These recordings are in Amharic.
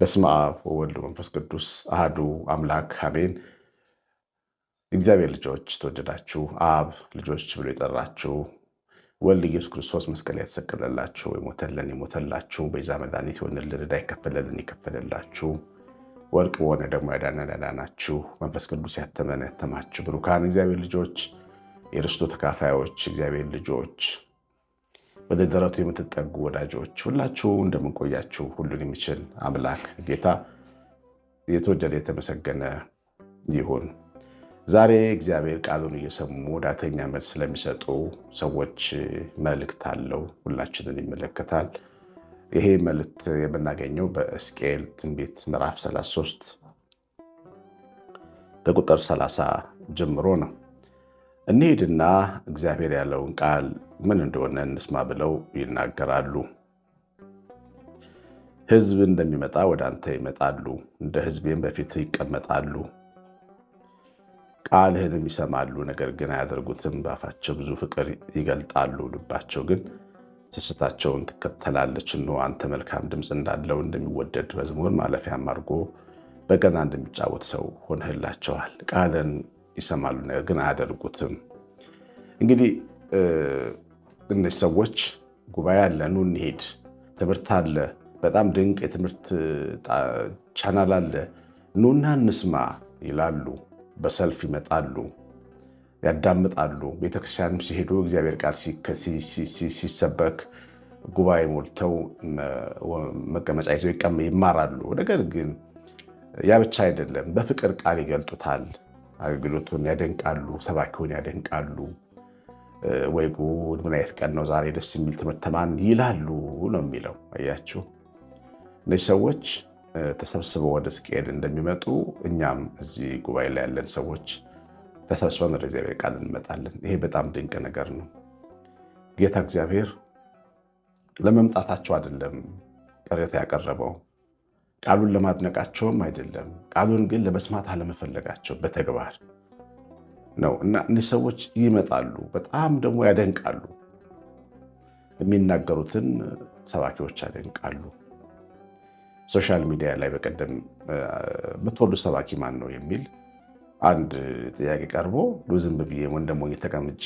በስመ አብ ወወልድ መንፈስ ቅዱስ አህዱ አምላክ አሜን። እግዚአብሔር ልጆች ተወደዳችሁ፣ አብ ልጆች ብሎ የጠራችሁ ወልድ ኢየሱስ ክርስቶስ መስቀል ያተሰቀለላችሁ የሞተልን የሞተላችሁ በዛ መድኃኒት የሆንልን ዕዳ የከፈለልን የከፈለላችሁ ወርቅ በሆነ ደግሞ ያዳነን ያዳናችሁ መንፈስ ቅዱስ ያተመን ያተማችሁ ብሩካን እግዚአብሔር ልጆች የርስቱ ተካፋዮች እግዚአብሔር ልጆች ወደ ደረቱ የምትጠጉ ወዳጆች ሁላችሁ እንደምንቆያችሁ ሁሉን የሚችል አምላክ ጌታ የተወደደ የተመሰገነ ይሁን። ዛሬ እግዚአብሔር ቃሉን እየሰሙ ዳተኛ መልስ ስለሚሰጡ ሰዎች መልእክት አለው፣ ሁላችንን ይመለከታል። ይሄ መልእክት የምናገኘው በሕዝቅኤል ትንቢት ምዕራፍ 33 ከቁጥር 30 ጀምሮ ነው። እንሄድና እግዚአብሔር ያለውን ቃል ምን እንደሆነ እንስማ ብለው ይናገራሉ። ሕዝብ እንደሚመጣ ወደ አንተ ይመጣሉ፣ እንደ ሕዝቤም በፊት ይቀመጣሉ። ቃልህንም ይሰማሉ፣ ነገር ግን አያደርጉትም። በአፋቸው ብዙ ፍቅር ይገልጣሉ፣ ልባቸው ግን ስስታቸውን ትከተላለች። እነሆ አንተ መልካም ድምፅ እንዳለው እንደሚወደድ መዝሙር ማለፊያም አድርጎ በገና እንደሚጫወት ሰው ሆነህላቸዋል። ቃልን ይሰማሉ፣ ነገር ግን አያደርጉትም። እንግዲህ እነዚህ ሰዎች ጉባኤ አለ፣ ኑ እንሄድ፣ ትምህርት አለ፣ በጣም ድንቅ የትምህርት ቻናል አለ፣ ኑና እንስማ ይላሉ። በሰልፍ ይመጣሉ፣ ያዳምጣሉ። ቤተክርስቲያንም ሲሄዱ እግዚአብሔር ቃል ሲሰበክ ጉባኤ ሞልተው መቀመጫ ይዘው ይማራሉ። ነገር ግን ያ ብቻ አይደለም፣ በፍቅር ቃል ይገልጡታል። አገልግሎቱን ያደንቃሉ፣ ሰባኪውን ያደንቃሉ። ወይ ጉድ ምን አይነት ቀን ነው ዛሬ ደስ የሚል ትምህርት ተማን ይላሉ ነው የሚለው። አያችሁ እነዚህ ሰዎች ተሰብስበው ወደ ሕዝቅኤል እንደሚመጡ እኛም እዚህ ጉባኤ ላይ ያለን ሰዎች ተሰብስበን ወደ እግዚአብሔር ቃል እንመጣለን። ይሄ በጣም ድንቅ ነገር ነው። ጌታ እግዚአብሔር ለመምጣታቸው አይደለም ቅሬታ ያቀረበው ቃሉን ለማድነቃቸውም አይደለም። ቃሉን ግን ለመስማት አለመፈለጋቸው በተግባር ነው እና እነዚህ ሰዎች ይመጣሉ፣ በጣም ደግሞ ያደንቃሉ። የሚናገሩትን ሰባኪዎች ያደንቃሉ። ሶሻል ሚዲያ ላይ በቀደም የምትወዱት ሰባኪ ማን ነው የሚል አንድ ጥያቄ ቀርቦ ዝም ብዬ ወንደሞኝ ተቀምጬ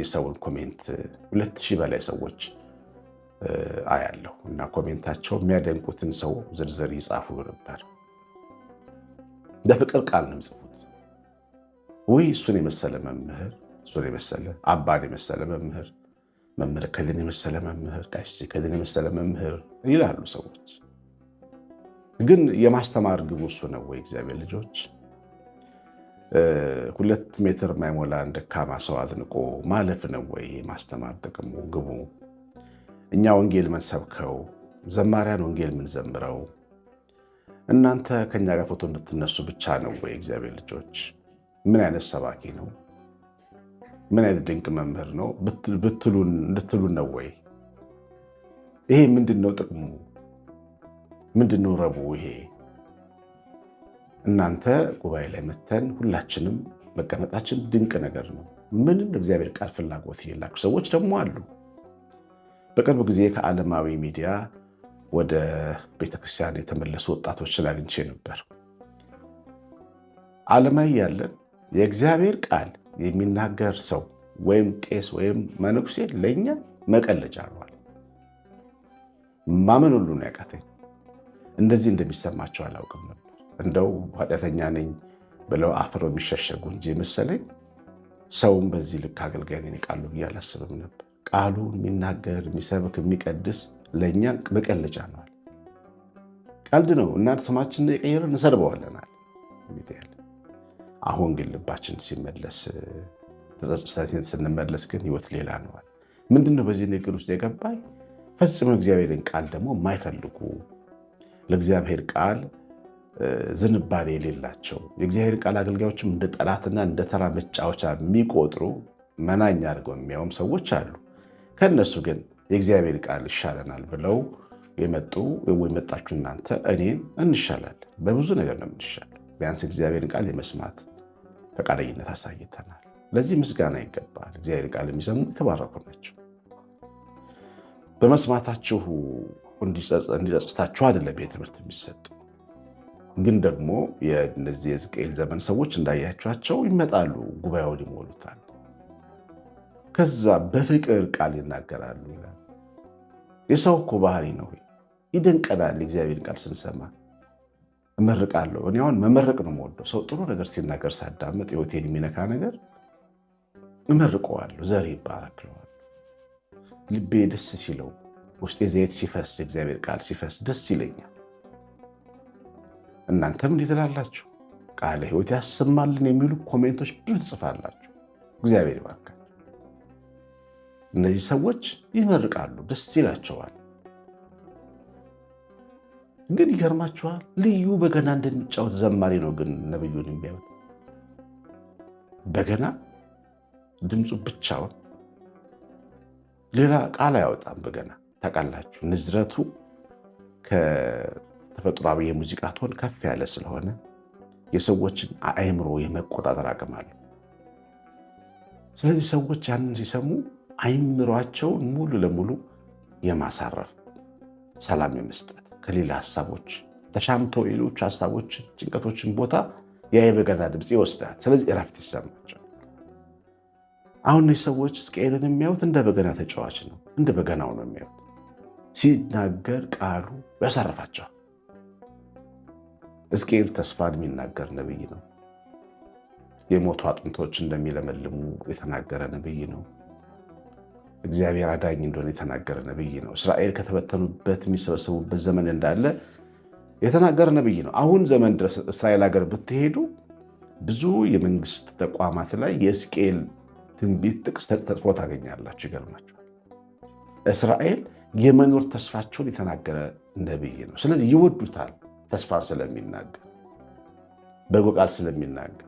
የሰውን ኮሜንት ሁለት ሺህ በላይ ሰዎች አያለሁ እና ኮሜንታቸው የሚያደንቁትን ሰው ዝርዝር ይጻፉ ነበር። በፍቅር ቃል ነው የሚጽፉት። ውይ እሱን የመሰለ መምህር፣ እሱን የመሰለ አባን የመሰለ መምህር፣ መምህር ከልን የመሰለ መምህር፣ ቃሲስ ከልን የመሰለ መምህር ይላሉ ሰዎች። ግን የማስተማር ግቡ እሱ ነው ወይ? እግዚአብሔር ልጆች ሁለት ሜትር ማይሞላ ደካማ ሰው አዝንቆ ማለፍ ነው ወይ የማስተማር ጥቅሙ ግቡ? እኛ ወንጌል ምንሰብከው፣ ዘማሪያን ወንጌል ምንዘምረው እናንተ ከኛ ጋር ፎቶ እንድትነሱ ብቻ ነው ወይ? እግዚአብሔር ልጆች ምን አይነት ሰባኪ ነው? ምን አይነት ድንቅ መምህር ነው እንድትሉን ነው ወይ? ይሄ ምንድን ነው ጥቅሙ? ምንድን ነው ረቡ? ይሄ እናንተ ጉባኤ ላይ መተን ሁላችንም መቀመጣችን ድንቅ ነገር ነው። ምንም እግዚአብሔር ቃል ፍላጎት የላችሁ ሰዎች ደግሞ አሉ። በቅርብ ጊዜ ከዓለማዊ ሚዲያ ወደ ቤተክርስቲያን የተመለሱ ወጣቶችን አግኝቼ ነበር። ዓለማዊ ያለን የእግዚአብሔር ቃል የሚናገር ሰው ወይም ቄስ ወይም መነኩሴ ለእኛ መቀለጫ ነዋል። ማመን ሁሉ ነው ያቃተኝ። እንደዚህ እንደሚሰማቸው አላውቅም ነበር። እንደው ኃጢአተኛ ነኝ ብለው አፍረው የሚሸሸጉ እንጂ መሰለኝ። ሰውም በዚህ ልክ አገልጋይ ነኝ ይቃሉ ብዬ አላስብም ነበር። ቃሉ የሚናገር የሚሰብክ የሚቀድስ ለእኛ መቀለጫ ነዋል። ቀልድ ነው እና ስማችንን የቀየረ እንሰድበዋለናል። አሁን ግን ልባችን ሲመለስ ተጸጽተን ስንመለስ ግን ህይወት ሌላ ነዋል። ምንድነው በዚህ ንግግር ውስጥ የገባኝ? ፈጽመው እግዚአብሔርን ቃል ደግሞ የማይፈልጉ ለእግዚአብሔር ቃል ዝንባሌ የሌላቸው የእግዚአብሔር ቃል አገልጋዮችም እንደ ጠላትና እንደ ተራ መጫወቻ የሚቆጥሩ መናኛ አድርገው የሚያውም ሰዎች አሉ። ከእነሱ ግን የእግዚአብሔር ቃል ይሻለናል ብለው የመጡ ወይ የመጣችሁ እናንተ እኔም እንሻላለን። በብዙ ነገር ነው የምንሻል። ቢያንስ እግዚአብሔርን ቃል የመስማት ፈቃደኝነት አሳይተናል። ለዚህ ምስጋና ይገባል። እግዚአብሔር ቃል የሚሰሙ የተባረኩ ናቸው። በመስማታችሁ እንዲጸጽታችሁ አይደለም ትምህርት የሚሰጡ ግን ደግሞ የነዚህ የሕዝቅኤል ዘመን ሰዎች እንዳያቸዋቸው ይመጣሉ፣ ጉባኤውን ይሞሉታል። ከዛ በፍቅር ቃል ይናገራሉ ይላል። የሰው እኮ ባህሪ ነው። ይደንቀናል። እግዚአብሔር ቃል ስንሰማ እመርቃለሁ። እኔ አሁን መመረቅ ነው የምወደው። ሰው ጥሩ ነገር ሲናገር ሳዳመጥ ህይወቴን የሚነካ ነገር እመርቀዋለሁ። ዘር ይባረክለዋል። ልቤ ደስ ሲለው፣ ውስጤ ዘይት ሲፈስ፣ የእግዚአብሔር ቃል ሲፈስ ደስ ይለኛል። እናንተም እንዲህ ትላላችሁ። ቃለ ህይወት ያሰማልን የሚሉ ኮሜንቶች ብዙ ትጽፋላችሁ። እግዚአብሔር ይባርካል። እነዚህ ሰዎች ይመርቃሉ፣ ደስ ይላቸዋል። ግን ይገርማቸዋል ልዩ በገና እንደሚጫወት ዘማሪ ነው። ግን ነብዩን የሚያዩት በገና ድምፁ ብቻውን ሌላ ቃል አያወጣም። በገና ታውቃላችሁ፣ ንዝረቱ ከተፈጥሯዊ የሙዚቃ ትሆን ከፍ ያለ ስለሆነ የሰዎችን አእምሮ የመቆጣጠር አቅም አለው። ስለዚህ ሰዎች ያንን ሲሰሙ አይምሯቸውን ሙሉ ለሙሉ የማሳረፍ ሰላም የመስጠት ከሌላ ሀሳቦች ተሻምተው ሌሎች ሀሳቦችን፣ ጭንቀቶችን ቦታ የአይበገና የበገና ድምፅ ይወስዳል። ስለዚህ እረፍት ይሰማቸው። አሁን እነዚህ ሰዎች ሕዝቅኤልን የሚያዩት እንደ በገና ተጫዋች ነው፣ እንደ በገናው ነው የሚያዩት። ሲናገር ቃሉ ያሳርፋቸዋል። ሕዝቅኤል ተስፋን የሚናገር ነብይ ነው። የሞቱ አጥንቶች እንደሚለመልሙ የተናገረ ነብይ ነው። እግዚአብሔር አዳኝ እንደሆነ የተናገረ ነብይ ነው። እስራኤል ከተበተኑበት የሚሰበሰቡበት ዘመን እንዳለ የተናገረ ነብይ ነው። አሁን ዘመን ድረስ እስራኤል ሀገር ብትሄዱ ብዙ የመንግስት ተቋማት ላይ የሕዝቅኤል ትንቢት ጥቅስ ተጽፎ ታገኛላችሁ። ይገርማችኋል። እስራኤል የመኖር ተስፋቸውን የተናገረ ነብይ ነው። ስለዚህ ይወዱታል። ተስፋን ስለሚናገር በጎ ቃል ስለሚናገር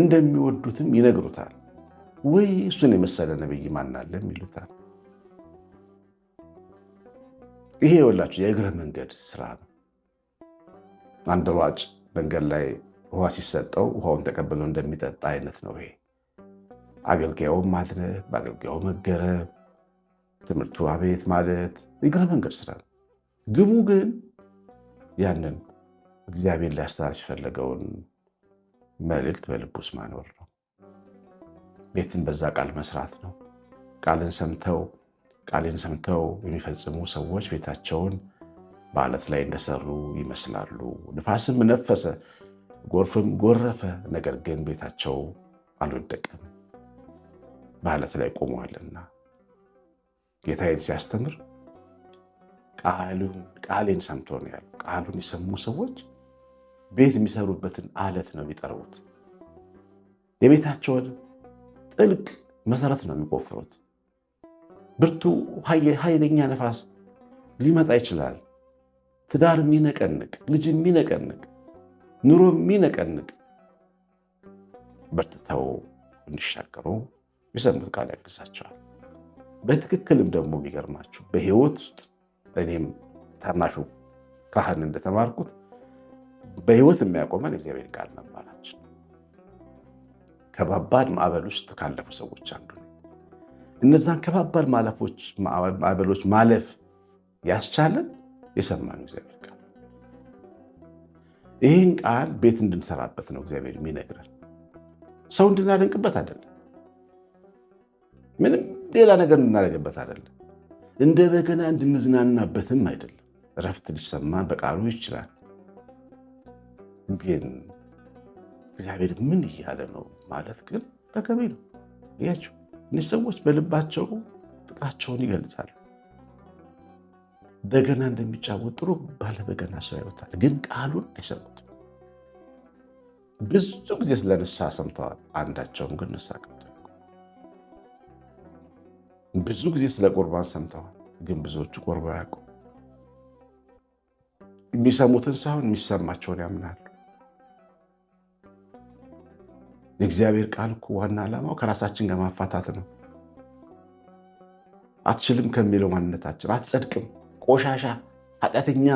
እንደሚወዱትም ይነግሩታል። ወይ እሱን የመሰለ ነብይ ማናለም ይሉታል። ይሄ የወላቸው የእግረ መንገድ ስራ ነው። አንድ ሯጭ መንገድ ላይ ውሃ ሲሰጠው ውሃውን ተቀብሎ እንደሚጠጣ አይነት ነው ይሄ። አገልጋዩም ማድነቅ፣ በአገልጋዩ መገረም፣ ትምህርቱ አቤት ማለት የእግረ መንገድ ስራ ነው። ግቡ ግን ያንን እግዚአብሔር ሊያስተላልፍ የፈለገውን መልእክት በልቡስ ማኖር ቤትን በዛ ቃል መስራት ነው። ቃልን ሰምተው ቃልን ሰምተው የሚፈጽሙ ሰዎች ቤታቸውን በአለት ላይ እንደሰሩ ይመስላሉ። ንፋስም ነፈሰ፣ ጎርፍም ጎረፈ፣ ነገር ግን ቤታቸው አልወደቀም፣ በአለት ላይ ቆመዋልና። ጌታዬን ሲያስተምር ቃሌን ሰምቶ ነው ያሉ። ቃሉን የሰሙ ሰዎች ቤት የሚሰሩበትን አለት ነው የሚጠርቡት የቤታቸውን ጥልቅ መሰረት ነው የሚቆፍሩት። ብርቱ ኃይለኛ ነፋስ ሊመጣ ይችላል። ትዳር የሚነቀንቅ፣ ልጅ የሚነቀንቅ፣ ኑሮ የሚነቀንቅ በርትተው እንዲሻገሩ የሰሙት ቃል ያግዛቸዋል። በትክክልም ደግሞ የሚገርማችሁ በህይወት ውስጥ እኔም ታናሹ ካህን እንደተማርኩት በህይወት የሚያቆመን የእግዚአብሔር ቃል ነበር። ከባባድ ማዕበል ውስጥ ካለፉ ሰዎች አንዱ ነው። እነዛን ከባባድ ማዕበሎች ማለፍ ያስቻለን የሰማነው እግዚአብሔር ቃል። ይህን ቃል ቤት እንድንሰራበት ነው እግዚአብሔር የሚነግረን፣ ሰው እንድናደንቅበት አይደለም። ምንም ሌላ ነገር እንድናደርግበት አይደለም። እንደ በገና እንድንዝናናበትም አይደለም። እረፍት ሊሰማን በቃሉ ይችላል። ግን እግዚአብሔር ምን እያለ ነው ማለት ግን ተገቢ ነው። እያቸው እነዚህ ሰዎች በልባቸው ፍቅራቸውን ይገልጻሉ። በገና እንደሚጫወት ጥሩ ባለ በገና ሰው ያዩታል፣ ግን ቃሉን አይሰሙትም። ብዙ ጊዜ ስለ ንስሐ ሰምተዋል፣ አንዳቸውም ግን ንስሐ ገብተው ብዙ ጊዜ ስለ ቁርባን ሰምተዋል፣ ግን ብዙዎቹ ቁርባ ያውቁ። የሚሰሙትን ሳይሆን የሚሰማቸውን ያምናሉ። የእግዚአብሔር ቃል እኮ ዋና ዓላማው ከራሳችን ጋር ማፋታት ነው። አትችልም ከሚለው ማንነታችን፣ አትጸድቅም፣ ቆሻሻ፣ ኃጢአተኛ፣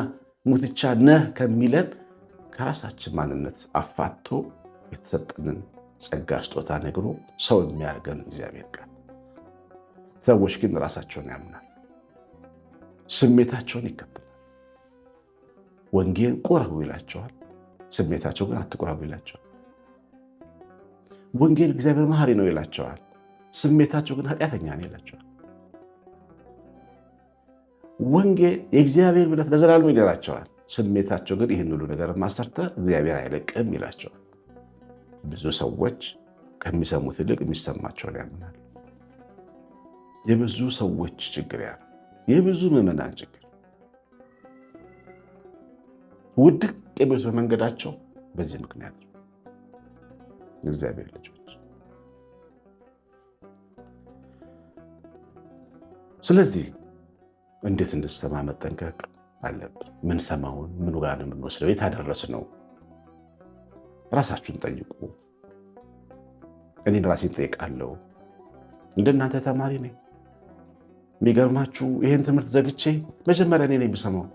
ሙትቻ ነህ ከሚለን ከራሳችን ማንነት አፋቶ የተሰጠንን ጸጋ ስጦታ ነግሮ ሰው የሚያደርገን እግዚአብሔር ቃል። ሰዎች ግን ራሳቸውን ያምናል፣ ስሜታቸውን ይከተላል። ወንጌል ቁረቡ ይላቸዋል፣ ስሜታቸው ግን አትቁረቡ ይላቸዋል። ወንጌል እግዚአብሔር መሐሪ ነው ይላቸዋል። ስሜታቸው ግን ኃጢአተኛ ነው ይላቸዋል። ወንጌል የእግዚአብሔር ብለት ለዘላለም ይላቸዋል። ስሜታቸው ግን ይህን ሁሉ ነገር ማሰርተ እግዚአብሔር አይለቅም ይላቸዋል። ብዙ ሰዎች ከሚሰሙት ይልቅ የሚሰማቸውን ያምናል። የብዙ ሰዎች ችግር ያ የብዙ ምዕመናን ችግር ውድቅ የብዙ በመንገዳቸው በዚህ ምክንያት እግዚአብሔር ልጆች። ስለዚህ እንዴት እንድሰማ መጠንቀቅ አለብን። ምን ሰማውን ምን ጋር ነው የምንወስደው? የታደረስ ነው? ራሳችሁን ጠይቁ። እኔን ራሴን ጠይቃለሁ። እንደናንተ ተማሪ ነኝ። የሚገርማችሁ ይህን ትምህርት ዘግቼ መጀመሪያ እኔ ነኝ የምሰማው።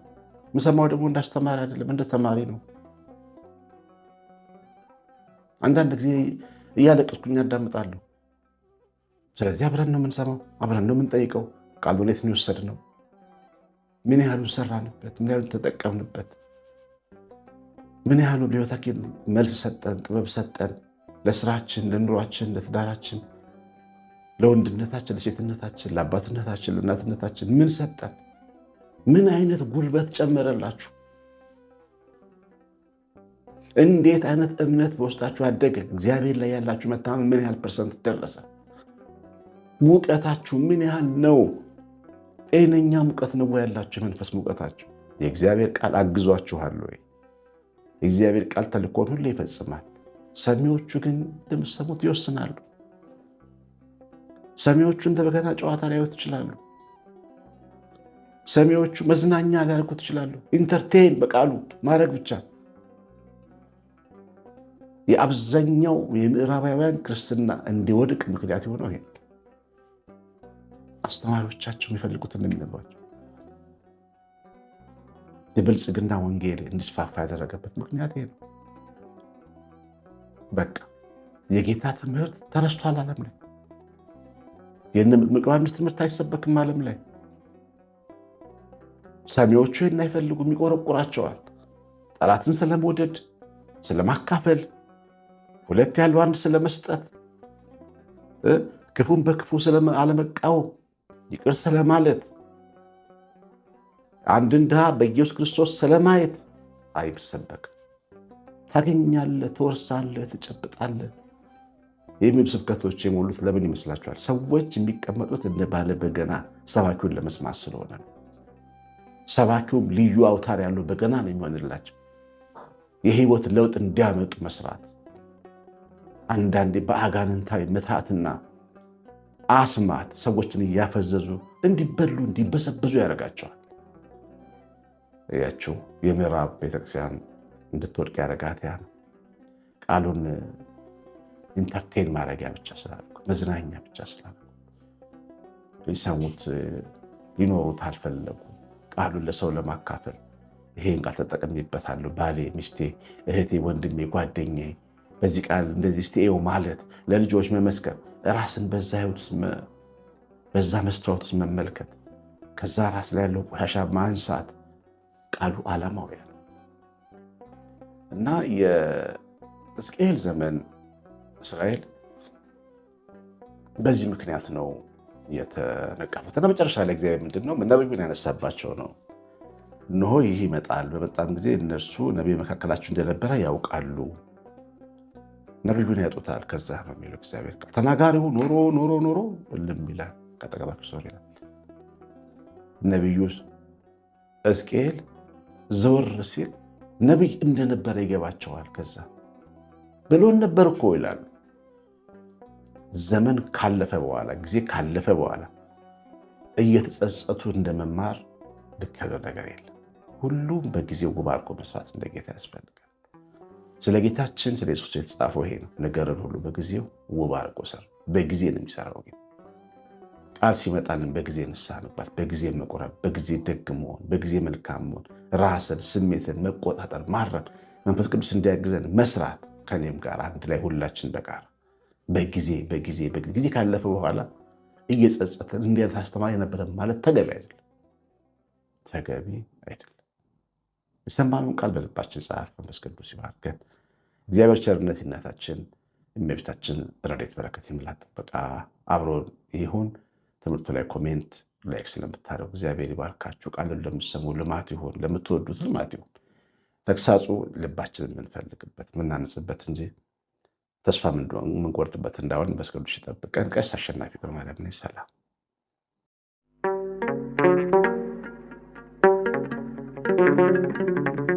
የምሰማው ደግሞ እንዳስተማሪ አይደለም እንደ ተማሪ ነው። አንዳንድ ጊዜ እያለቀስኩኝ ያዳምጣለሁ። ስለዚህ አብረን ነው የምንሰማው፣ አብረን ነው የምንጠይቀው። ቃሉ የሚወሰድ ነው ምን ያህሉን ሰራንበት? ምን ያህሉን ተጠቀምንበት? ምን ያህሉ ለሕይወታችን መልስ ሰጠን? ጥበብ ሰጠን? ለስራችን፣ ለኑሯችን፣ ለትዳራችን፣ ለወንድነታችን፣ ለሴትነታችን፣ ለአባትነታችን፣ ለእናትነታችን ምን ሰጠን? ምን አይነት ጉልበት ጨመረላችሁ? እንዴት አይነት እምነት በውስጣችሁ አደገ? እግዚአብሔር ላይ ያላችሁ መታመን ምን ያህል ፐርሰንት ደረሰ? ሙቀታችሁ ምን ያህል ነው? ጤነኛ ሙቀት ነው ያላችሁ? የመንፈስ ሙቀታችሁ የእግዚአብሔር ቃል አግዟችኋል ወይ? የእግዚአብሔር ቃል ተልኮን ሁሉ ይፈጽማል። ሰሚዎቹ ግን እንደምትሰሙት ይወስናሉ። ሰሚዎቹ እንደ ጨዋታ ሊያዩት ይችላሉ። ሰሚዎቹ መዝናኛ ሊያደርጉት ይችላሉ። ኢንተርቴን በቃሉ ማድረግ ብቻ የአብዛኛው የምዕራባውያን ክርስትና እንዲወድቅ ምክንያት የሆነው ይሄ አስተማሪዎቻቸው የሚፈልጉትን የሚነግሯቸው የብልጽግና ወንጌል እንዲስፋፋ ያደረገበት ምክንያት ይሄ ነው። በቃ የጌታ ትምህርት ተረስቷል ዓለም ላይ የእነ መጥምቅ ትምህርት አይሰበክም ዓለም ላይ ሰሚዎቹ ይህን አይፈልጉም፣ ይቆረቁራቸዋል። ጠላትን ስለመውደድ ስለማካፈል ሁለት ያለው አንድ ስለመስጠት፣ ክፉን በክፉ አለመቃወም፣ ይቅር ስለማለት፣ አንድን ድሃ በኢየሱስ ክርስቶስ ስለማየት አይሰበክም። ታገኛለህ፣ ትወርሳለህ፣ ትጨብጣለህ የሚሉ ስብከቶች የሞሉት ለምን ይመስላችኋል? ሰዎች የሚቀመጡት እንደ ባለ በገና ሰባኪውን ለመስማት ስለሆነ ሰባኪውም ልዩ አውታር ያለው በገና ነው የሚሆንላቸው። የህይወት ለውጥ እንዲያመጡ መስራት አንዳንዴ በአጋንንታዊ ምትሃትና አስማት ሰዎችን እያፈዘዙ እንዲበሉ እንዲበሰበዙ ያደርጋቸዋል። ያችው የምዕራብ ቤተክርስቲያን እንድትወድቅ ያደረጋት ያ ቃሉን ኢንተርቴን ማድረጊያ ብቻ ስላልኩ መዝናኛ ብቻ ስላልኩ ሊሰሙት ሊኖሩት አልፈለጉ። ቃሉን ለሰው ለማካፈል ይሄን ቃል ተጠቅሜበታለሁ፣ ባሌ፣ ሚስቴ፣ እህቴ፣ ወንድሜ፣ ጓደኛዬ በዚህ ቃል እንደዚህ ስትኤው ማለት ለልጆች መመስከር ራስን በዛ ህይወት በዛ መስታወት ውስጥ መመልከት ከዛ ራስ ላይ ያለው ቆሻሻ ማንሳት ቃሉ ዓላማው ያ እና የሕዝቅኤል ዘመን እስራኤል በዚህ ምክንያት ነው የተነቀፉት እና መጨረሻ ላይ እግዚአብሔር ምንድን ነው ነቢዩን ያነሳባቸው ነው። እነሆ ይህ ይመጣል፣ በመጣም ጊዜ እነሱ ነቢይ መካከላችሁ እንደነበረ ያውቃሉ ነቢዩን ያጡታል። ከዛ ነው የሚለው እግዚአብሔር ቃል። ተናጋሪው ኖሮ ኖሮ ኖሮ እልም ይላል። ከጠቀባቸው ሰው ይላል ነቢዩ እስቅኤል ዘወር ሲል ነቢይ እንደነበረ ይገባቸዋል። ከዛ ብሎን ነበር እኮ ይላሉ። ዘመን ካለፈ በኋላ ጊዜ ካለፈ በኋላ እየተጸጸቱ እንደመማር ልክ ያለው ነገር የለም። ሁሉም በጊዜው ጉባርቆ መስራት እንደጌታ ያስፈልጋል። ስለ ጌታችን ስለ ኢየሱስ የተጻፈው ይሄ ነው። ነገርን ሁሉ በጊዜው ውብ አርቆ ሰር በጊዜ ነው የሚሰራው ጌታ። ቃል ሲመጣልን በጊዜ ንስሐ መግባት፣ በጊዜ መቆረብ፣ በጊዜ ደግ መሆን፣ በጊዜ መልካም መሆን፣ ራስን ስሜትን መቆጣጠር፣ ማረም፣ መንፈስ ቅዱስ እንዲያግዘን መስራት፣ ከኔም ጋር አንድ ላይ ሁላችን በጋራ በጊዜ በጊዜ ጊዜ ካለፈ በኋላ እየጸጸትን እንዲነት አስተማሪ ነበረ ማለት ተገቢ አይደለም፣ ተገቢ አይደለም። የሰማነውን ቃል በልባችን ጻፍ። መንፈስ ቅዱስ ይባርከን። እግዚአብሔር ቸርነት ይነታችን እመቤታችን ረድኤት በረከት የምላት በቃ አብሮ ይሁን። ትምህርቱ ላይ ኮሜንት፣ ላይክ ስለምታደርጉ እግዚአብሔር ይባርካችሁ። ቃልን ለምትሰሙ ልማት ይሁን፣ ለምትወዱት ልማት ይሁን። ተግሳጹ ልባችን የምንፈልግበት የምናነጽበት እንጂ ተስፋ ምንቆርጥበት እንዳሆን መንፈስ ቅዱስ ይጠብቀን። ቀሲስ አሸናፊ በማለም ሰላም Thank you.